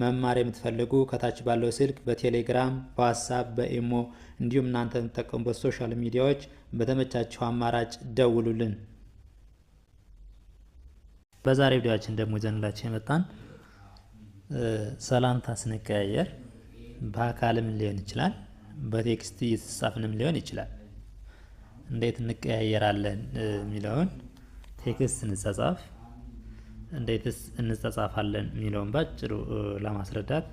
መማር የምትፈልጉ ከታች ባለው ስልክ በቴሌግራም በዋትሳፕ በኢሞ እንዲሁም እናንተ የምትጠቀሙበት ሶሻል ሚዲያዎች በተመቻቸው አማራጭ ደውሉልን። በዛሬ ቪዲዮችን ደግሞ ይዘንላችሁ የመጣን ሰላምታ ስንቀያየር በአካልም ሊሆን ይችላል፣ በቴክስት እየተጻፍንም ሊሆን ይችላል። እንዴት እንቀያየራለን የሚለውን ቴክስት እንጻጻፍ እንዴትስ እንጸጻፋለን የሚለውን ባጭሩ ለማስረዳት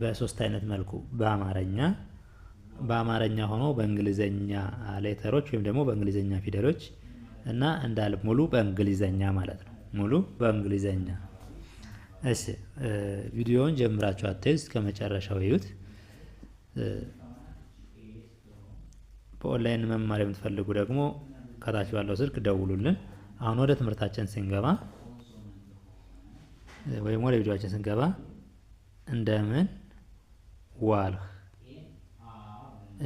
በሶስት አይነት መልኩ በአማርኛ በአማርኛ ሆኖ በእንግሊዘኛ ሌተሮች ወይም ደግሞ በእንግሊዘኛ ፊደሎች እና እንዳል ሙሉ በእንግሊዘኛ ማለት ነው። ሙሉ በእንግሊዘኛ። እሺ ቪዲዮውን ጀምራችሁ አትይዝ ከመጨረሻው ይዩት። በኦንላይን መማር የምትፈልጉ ደግሞ ከታች ባለው ስልክ ደውሉልን። አሁን ወደ ትምህርታችን ስንገባ ወይም ወደ ቪዲዮችን ስንገባ እንደምን ዋልህ፣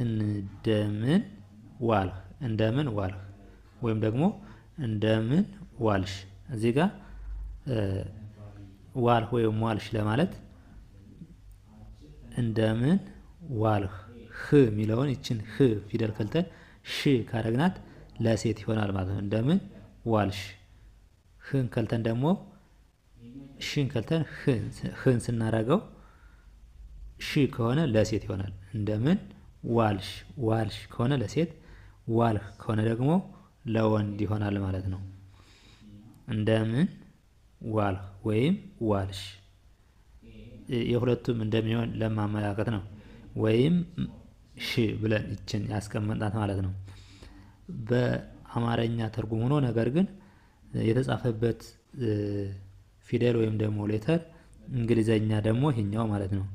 እንደምን ዋልህ፣ እንደምን ዋልህ ወይም ደግሞ እንደምን ዋልሽ። እዚህ ጋር ዋልህ ወይም ዋልሽ ለማለት እንደምን ዋልህ ህ የሚለውን ይችን ህ ፊደል ከልተን ሽ ካረግናት ለሴት ይሆናል ማለት ነው። እንደምን ዋልሽ። ህን ከልተን ደግሞ ሽን ከልተን ህን ስናረገው ሺ ከሆነ ለሴት ይሆናል። እንደምን ዋልሽ ዋልሽ ከሆነ ለሴት ዋልህ ከሆነ ደግሞ ለወንድ ይሆናል ማለት ነው። እንደምን ዋልህ ወይም ዋልሽ የሁለቱም እንደሚሆን ለማመላከት ነው። ወይም ሺ ብለን ይችን ያስቀመጣት ማለት ነው። በአማርኛ ትርጉም ሆኖ ነገር ግን የተጻፈበት ፊደል ወይም ደግሞ ሌተር፣ እንግሊዘኛ ደግሞ ይሄኛው ማለት ነው።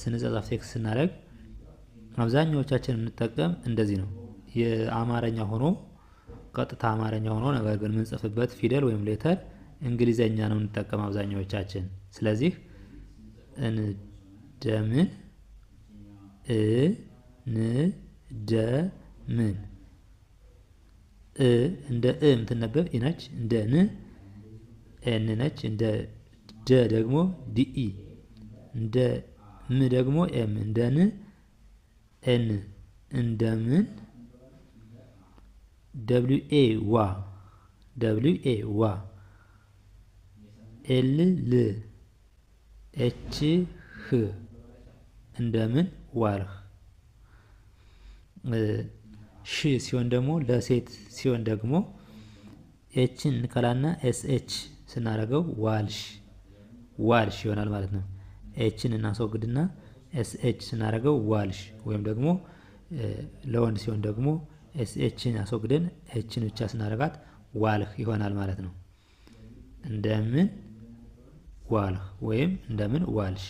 ስንጻጻፍ ቴክስት ስናደርግ አብዛኛዎቻችን የምንጠቀም እንደዚህ ነው። የአማርኛ ሆኖ ቀጥታ አማርኛ ሆኖ ነገር ግን የምንጽፍበት ፊደል ወይም ሌተር እንግሊዘኛ ነው የምንጠቀም አብዛኛዎቻችን። ስለዚህ እንደምን እ ን ደ ምን እ እንደ እ የምትነበብ ኢነች እንደ ን ኤን ነች። እንደ ደ ደግሞ ዲኢ፣ እንደ ም ደግሞ ኤም፣ እንደ ን ኤን፣ እንደ ምን ደብሊው ኤ ዋ፣ ደብሊው ኤ ዋ፣ ኤል ል፣ ኤች ህ፣ እንደምን ዋልህ። ሺ ሲሆን ደግሞ ለሴት ሲሆን ደግሞ ኤችን ንከላና ኤስ ኤች ስናደርገው ዋልሽ ዋልሽ ይሆናል ማለት ነው። ኤችን እናስወግድና ኤስ ኤች ስናደርገው ዋልሽ ወይም ደግሞ ለወንድ ሲሆን ደግሞ ኤስ ኤችን አስወግደን ኤችን ብቻ ስናደርጋት ዋልህ ይሆናል ማለት ነው። እንደምን ዋልህ ወይም እንደምን ዋልሽ።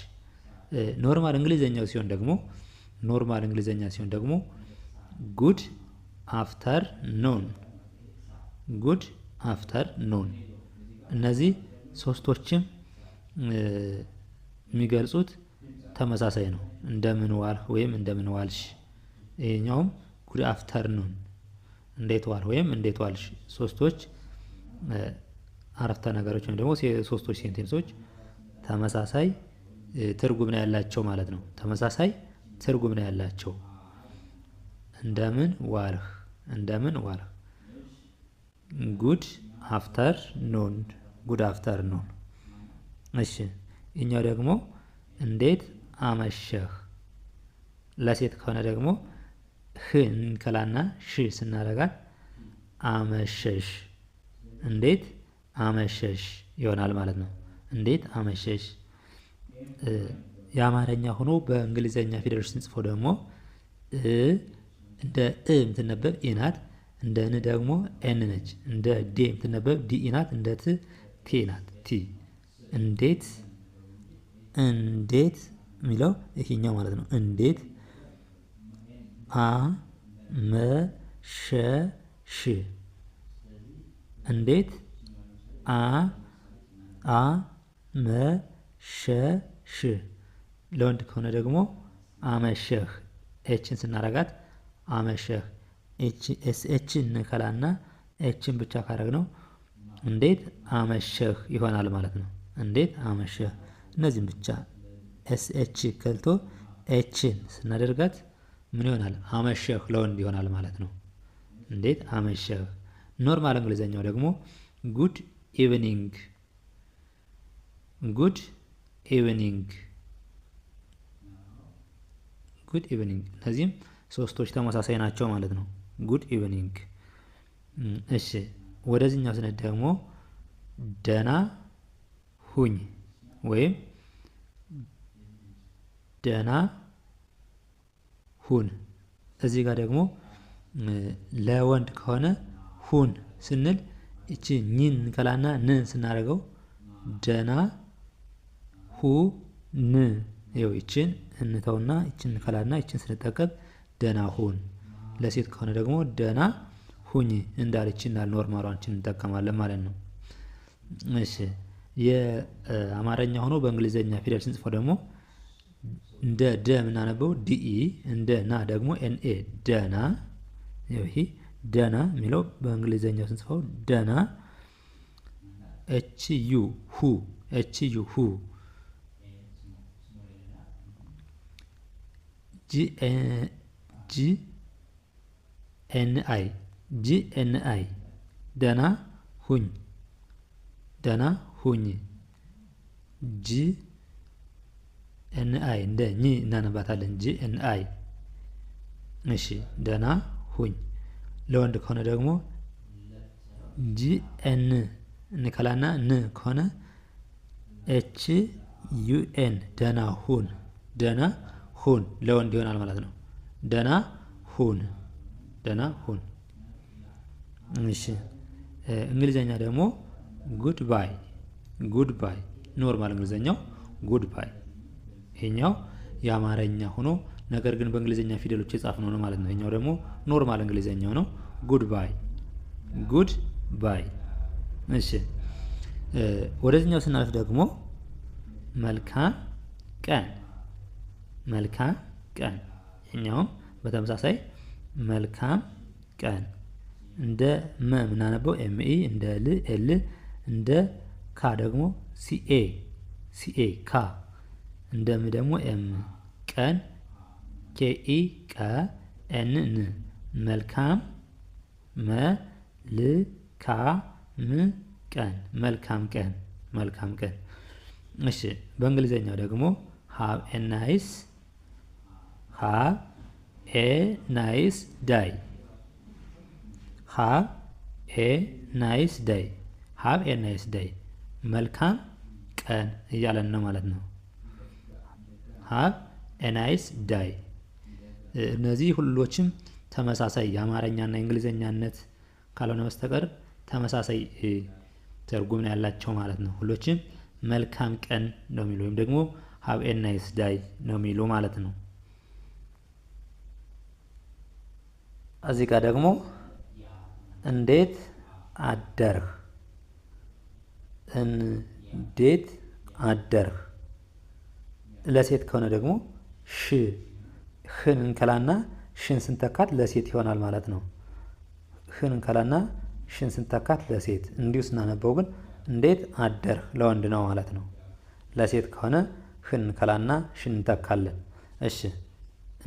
ኖርማል እንግሊዘኛው ሲሆን ደግሞ ኖርማል እንግሊዘኛ ሲሆን ደግሞ ጉድ አፍተር ኖን ጉድ አፍተር ኖን እነዚህ ሶስቶችም የሚገልጹት ተመሳሳይ ነው። እንደምን ዋልህ ወይም እንደምን ዋልሽ። ይሄኛውም ጉድ አፍተርኑን እንዴት ዋል ወይም እንዴት ዋልሽ። ሶስቶች አረፍተ ነገሮች ወይም ደግሞ ሶስቶች ሴንቴንሶች ተመሳሳይ ትርጉም ነው ያላቸው ማለት ነው። ተመሳሳይ ትርጉም ነው ያላቸው። እንደምን ዋልህ፣ እንደምን ዋልህ ጉድ አፍተር ኑን ጉድ አፍተር ኑን። እሺ እኛው ደግሞ እንዴት አመሸህ። ለሴት ከሆነ ደግሞ ህ እንከላና ሽ ስናረጋት አመሸሽ፣ እንዴት አመሸሽ ይሆናል ማለት ነው። እንዴት አመሸሽ። የአማርኛ ሆኖ በእንግሊዘኛ ፊደሎች ስንጽፎ ደግሞ እንደ እ የምትነበብ ኢ ናት እንደ ን ደግሞ ኤን ነች። እንደ ዴ የምትነበብ ዲ ናት። እንደ ት ቲ ናት። ቲ እንዴት እንዴት የሚለው ይሄኛው ማለት ነው። እንዴት አ ሽ እንዴት አ አ መሸሽ ለወንድ ከሆነ ደግሞ አመሸህ ኤችን ስናረጋት አመሸህ ኤች ኤስ ና ከላና ኤችን ብቻ ካረግ ነው እንዴት አመሸህ ይሆናል ማለት ነው። እንዴት አመሸህ እነዚህም ብቻ ኤስ ከልቶ ኤችን ስናደርጋት ምን ይሆናል? አመሸህ ለወንድ ይሆናል ማለት ነው። እንዴት አመሸህ። ኖርማል እንግሊዘኛው ደግሞ ጉድ ኢቭኒንግ፣ ጉድ ኢቭኒንግ፣ ጉድ ኢቭኒንግ። እነዚህም ሶስቶች ተመሳሳይ ናቸው ማለት ነው። ጉድ ኢቨኒንግ። mm, እሺ ወደዚህኛው ስነት ደግሞ ደና ሁኝ ወይም ደና ሁን። እዚህ ጋር ደግሞ ለወንድ ከሆነ ሁን ስንል እቺ ኝን ከላና ንን ስናደርገው ደና ሁ ን ይው እችን እንተውና እችን ከላና እችን ስንጠቀም ደና ሁን ለሴት ከሆነ ደግሞ ደና ሁኝ እንዳለች እና ኖርማሏችን እንጠቀማለን ማለት ነው። እሺ የአማርኛ ሆኖ በእንግሊዘኛ ፊደል ስንጽፈው ደግሞ እንደ ደ የምናነበው ዲኢ፣ እንደ ና ደግሞ ኤንኤ ደና። ይሄ ደና የሚለው በእንግሊዘኛው ስንጽፈው ደና። ኤች ዩ ሁ፣ ኤች ዩ ሁ ጂ ኤንአይ ጂኤንአይ ደና ሁኝ ደና ሁኝ ጂ ኤንአይ እንደ ኝ እናነባታለን። ጂ ኤንአይ እሺ። ደና ሁኝ ለወንድ ከሆነ ደግሞ ጂ ኤን እንከላና ን ከሆነ ኤች ዩኤን ደና ሁን ደና ሁን ለወንድ ይሆናል ማለት ነው። ደና ሁን ደህና ሁን። እሺ እንግሊዘኛ ደግሞ ጉድ ባይ ጉድ ባይ ኖርማል እንግሊዘኛው ጉድ ባይ ይሄኛው የአማርኛ ሆኖ ነገር ግን በእንግሊዘኛ ፊደሎች የጻፍ ነው ማለት ነው። ይሄኛው ደግሞ ኖርማል እንግሊዘኛው ነው። ጉድ ባይ ጉድ ባይ። እሺ ወደዚህኛው ስናልፍ ደግሞ መልካም ቀን መልካም ቀን ይሄኛውም በተመሳሳይ መልካም ቀን። እንደ መ የምናነበው ኤምኢ እንደ ል ኤል እንደ ካ ደግሞ ሲኤ ሲኤ ካ እንደ ም ደግሞ ኤም ቀን ኬኢ ቀ ኤን ን መልካም መ ል ካ ም ቀን መልካም ቀን መልካም ቀን። እሺ በእንግሊዘኛው ደግሞ ሃብ ኤ ናይስ ሃብ ኤ ናይስ ዳይ ሃብ ኤ ናይስ ዳይ ሃብ ኤ ናይስ ዳይ መልካም ቀን እያለን ነው ማለት ነው። ሃብ ኤ ናይስ ዳይ። እነዚህ ሁሎችም ተመሳሳይ የአማርኛና የእንግሊዝኛነት ካልሆነ በስተቀር ተመሳሳይ ትርጉም ያላቸው ማለት ነው። ሁሎችም መልካም ቀን ነው የሚሉ ወይም ደግሞ ሀብ ኤ ናይስ ዳይ ነው የሚሉ ማለት ነው። እዚህ ጋር ደግሞ እንዴት አደርህ፣ እንዴት አደርህ። ለሴት ከሆነ ደግሞ ሽ ህን እንከላና ሽን ስንተካት ለሴት ይሆናል ማለት ነው። ህን እንከላና ሽን ስንተካት ለሴት። እንዲሁ ስናነበው ግን እንዴት አደርህ ለወንድ ነው ማለት ነው። ለሴት ከሆነ ህን እንከላና ሽን እንተካለን። እሺ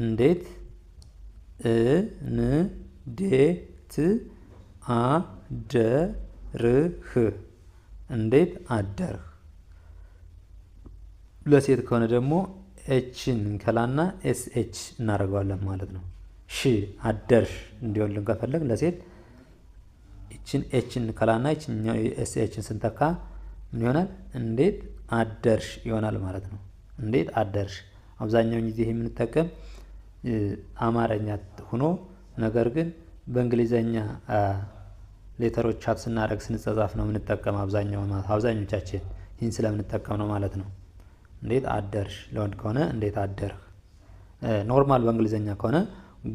እንዴት እንዴት አደርህ? እንዴት አደርህ? ለሴት ከሆነ ደግሞ ኤችን እንከላና ኤስ ኤች እናደርገዋለን ማለት ነው። ሺ አደርሽ እንዲሆንልን ከፈለግ ለሴት ይችን ኤችን እንከላና ይችኛው ኤስ ኤችን ስንተካ ምን ይሆናል? እንዴት አደርሽ ይሆናል ማለት ነው። እንዴት አደርሽ አብዛኛውን ጊዜ የምንጠቀም አማረኛ ሆኖ ነገር ግን በእንግሊዘኛ ሌተሮች ቻፕ ስናደረግ ስንጸጻፍ ነው የምንጠቀም አብዛኛው አብዛኞቻችን ይህን ስለምንጠቀም ነው ማለት ነው። እንዴት አደርሽ ለወንድ ከሆነ እንዴት አደርህ። ኖርማል በእንግሊዘኛ ከሆነ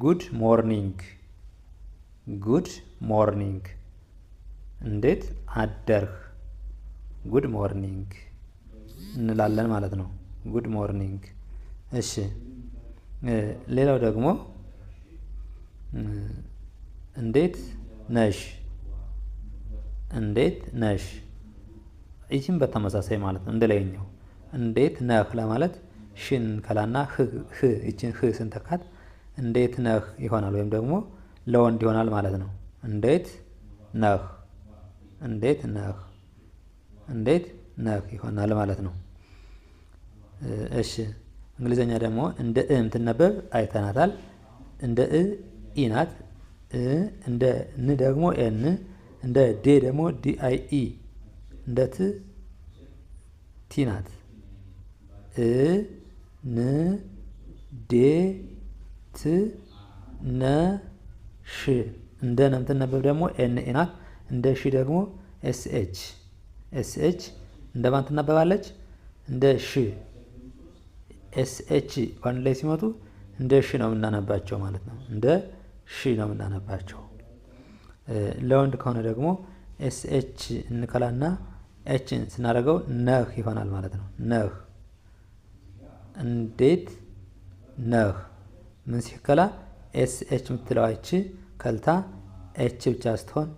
ጉድ ሞርኒንግ፣ ጉድ ሞርኒንግ። እንዴት አደርህ ጉድ ሞርኒንግ እንላለን ማለት ነው። ጉድ ሞርኒንግ። እሺ ሌላው ደግሞ እንዴት ነሽ፣ እንዴት ነሽ። ይህም በተመሳሳይ ማለት ነው እንደ ላይኛው። እንዴት ነህ ለማለት ሽን ከላና ህ ይችን ህ ስንተካት እንዴት ነህ ይሆናል፣ ወይም ደግሞ ለወንድ ይሆናል ማለት ነው። እንዴት ነህ፣ እንዴት ነህ፣ እንዴት ነህ ይሆናል ማለት ነው። እሺ እንግሊዘኛ ደግሞ እንደ እ የምትነበብ አይተናታል። እንደ እ ኢ ናት። እንደ ን ደግሞ ኤን፣ እንደ ዴ ደግሞ ዲ አይ ኢ፣ እንደ ት ቲ ናት። እ ን ዴ ት ነ ሽ። እንደ ነ የምትነበብ ደግሞ ኤን ኢ ናት። እንደ ሺ ደግሞ ኤስ ኤች ኤስ ኤች። እንደ ማን ትነበባለች? እንደ ሺ ኤስኤች በአንድ ላይ ሲመጡ እንደ ሺ ነው የምናነባቸው ማለት ነው። እንደ ሺ ነው የምናነባቸው። ለወንድ ከሆነ ደግሞ ኤስኤች እንከላና ኤችን ስናደርገው ነህ ይሆናል ማለት ነው። ነህ እንዴት ነህ? ምን ሲከላ ኤስኤች የምትለው ይቺ ከልታ ኤች ብቻ ስትሆን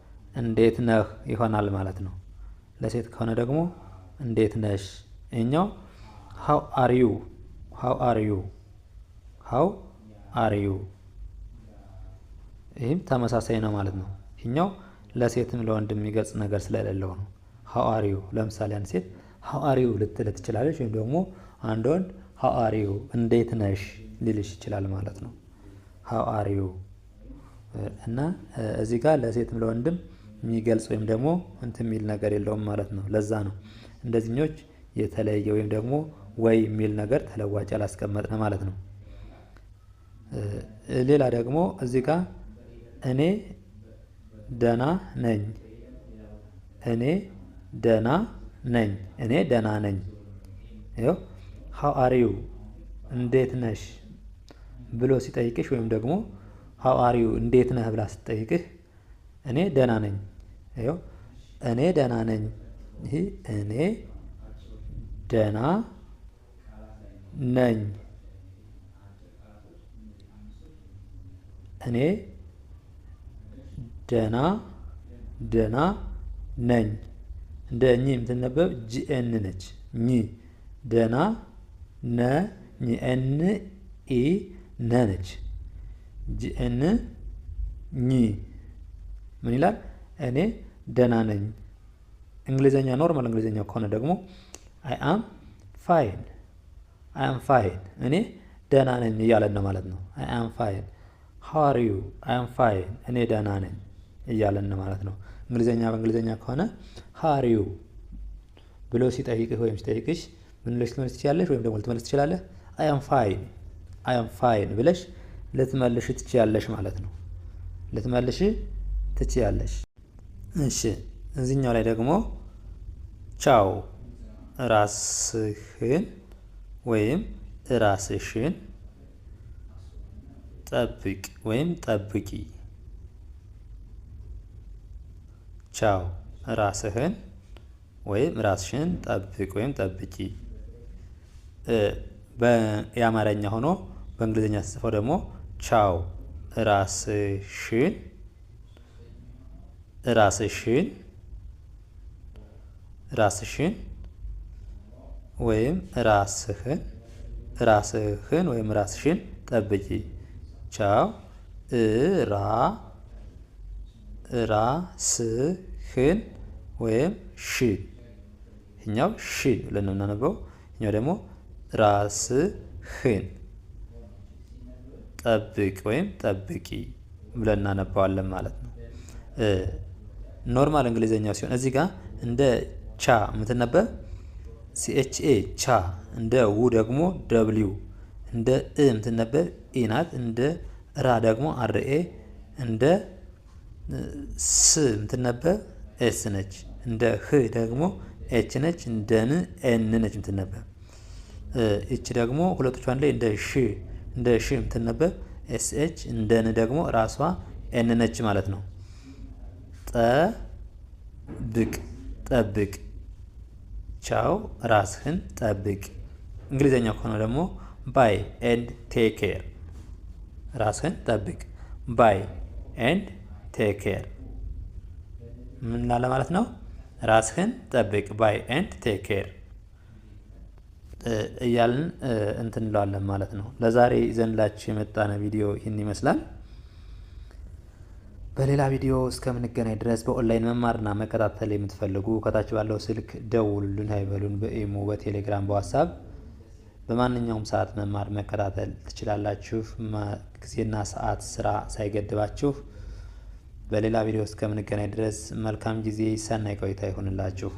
እንዴት ነህ ይሆናል ማለት ነው። ለሴት ከሆነ ደግሞ እንዴት ነሽ? ይኛው ሃው አር ዩ ሃው አር ዩ ሃው አር ዩ። ይህም ተመሳሳይ ነው ማለት ነው። ይህኛው ለሴትም ለወንድ የሚገልጽ ነገር ስለሌለው ነው። ሀው አር ዩ። ለምሳሌ አንድ ሴት ሀው አር ዩ ልትል ትችላለች፣ ወይም ደግሞ አንድ ወንድ ሀው አር ዩ እንዴት ነሽ ሊልሽ ይችላል ማለት ነው። ሀው አር ዩ እና እዚህ ጋር ለሴትም ለወንድም የሚገልጽ ወይም ደግሞ እንትን የሚል ነገር የለውም ማለት ነው። ለዛ ነው እንደዚህኞች የተለየ ወይም ደግሞ ወይ የሚል ነገር ተለዋጭ አላስቀመጥን ማለት ነው። ሌላ ደግሞ እዚህ ጋ እኔ ደና ነኝ፣ እኔ ደና ነኝ፣ እኔ ደና ነኝ። ይኸው ሃው እንዴት ነሽ ብሎ ሲጠይቅሽ ወይም ደግሞ ሀው አሪዩ እንዴት ነህ ብላ ስትጠይቅህ እኔ ደና ነኝ። ይኸው እኔ ደና ነኝ። ይህ እኔ ደና ነኝ። እኔ ደና ደና ነኝ። እንደ እኚ የምትነበብ ጂኤን ነች። ኚ ደና ነ ኤን ኢ ነ ነች። ጂኤን ኚ ምን ይላል? እኔ ደና ነኝ። እንግሊዘኛ ኖርማል እንግሊዘኛ ከሆነ ደግሞ አይ አም ፋይን አም ፋይን እኔ ደህና ነኝ እያለን ነው ማለት ነው። አም ፋይን ሀዋሪዩ አም ፋይን እኔ ደህና ነኝ እያለን ነው ማለት ነው። እንግሊዝኛ በእንግሊዝኛ ከሆነ ሀዋሪዩ ብሎ ሲጠይቅህ ወይም ሲጠይቅሽ ምን ብለሽ ትመልስ ትችላለሽ? ወይም ደግሞ ልትመልስ ትችላለህ። አም ፋይን አም ፋይን ብለሽ ልትመልሽ ትችያለሽ ማለት ነው። ልትመልሽ ትችያለሽ። እሺ እዚህኛው ላይ ደግሞ ቻው ራስህን ወይም ራስሽን ጠብቅ ወይም ጠብቂ። ቻው ራስህን ወይም ራስሽን ጠብቅ ወይም ጠብቂ። የአማርኛ ሆኖ በእንግሊዝኛ ተጽፈው ደግሞ ቻው ራስሽን ራስሽን ራስሽን ወይም ራስህን ራስህን ወይም ራስሽን ጠብቂ። ቻው እራ ራስህን ወይም ሽን እኛው ሽን ብለን ነው የምናነበው። እኛው ደግሞ ራስህን ጠብቅ ወይም ጠብቂ ብለን እናነባዋለን ማለት ነው። ኖርማል እንግሊዘኛው ሲሆን እዚህ ጋር እንደ ቻ የምትነበብ ሲኤችኤ ቻ። እንደ ው ደግሞ ደብሊው። እንደ እ የምትነበብ ኢ ናት። እንደ ራ ደግሞ አርኤ። እንደ ስ የምትነበብ ኤስ ነች። እንደ ህ ደግሞ ኤች ነች። እንደ ን ኤን ነች የምትነበብ። እች ደግሞ ሁለቶች አንድ ላይ እንደ ሽ እንደ ሽ የምትነበብ ኤስ ኤች። እንደ ን ደግሞ ራሷ ኤን ነች ማለት ነው። ጠብቅ ጠብቅ ቻው፣ ራስህን ጠብቅ። እንግሊዘኛ ከሆነ ደግሞ ባይ ኤንድ ቴክ ኬር። ራስህን ጠብቅ፣ ባይ ኤንድ ቴክ ኬር። ምን ላለ ማለት ነው? ራስህን ጠብቅ፣ ባይ ኤንድ ቴክ ኬር እያልን እንትንለዋለን እንለዋለን ማለት ነው። ለዛሬ ዘንላችሁ የመጣነ ቪዲዮ ይህን ይመስላል። በሌላ ቪዲዮ እስከምንገናኝ ድረስ በኦንላይን መማርና መከታተል የምትፈልጉ ከታች ባለው ስልክ ደውሉልን፣ ሀይበሉን። በኢሞ በቴሌግራም በዋትሳፕ በማንኛውም ሰዓት መማር መከታተል ትችላላችሁ። ጊዜና ሰዓት ስራ ሳይገድባችሁ። በሌላ ቪዲዮ እስከምንገናኝ ድረስ መልካም ጊዜ፣ ሰናይ ቆይታ ይሆንላችሁ።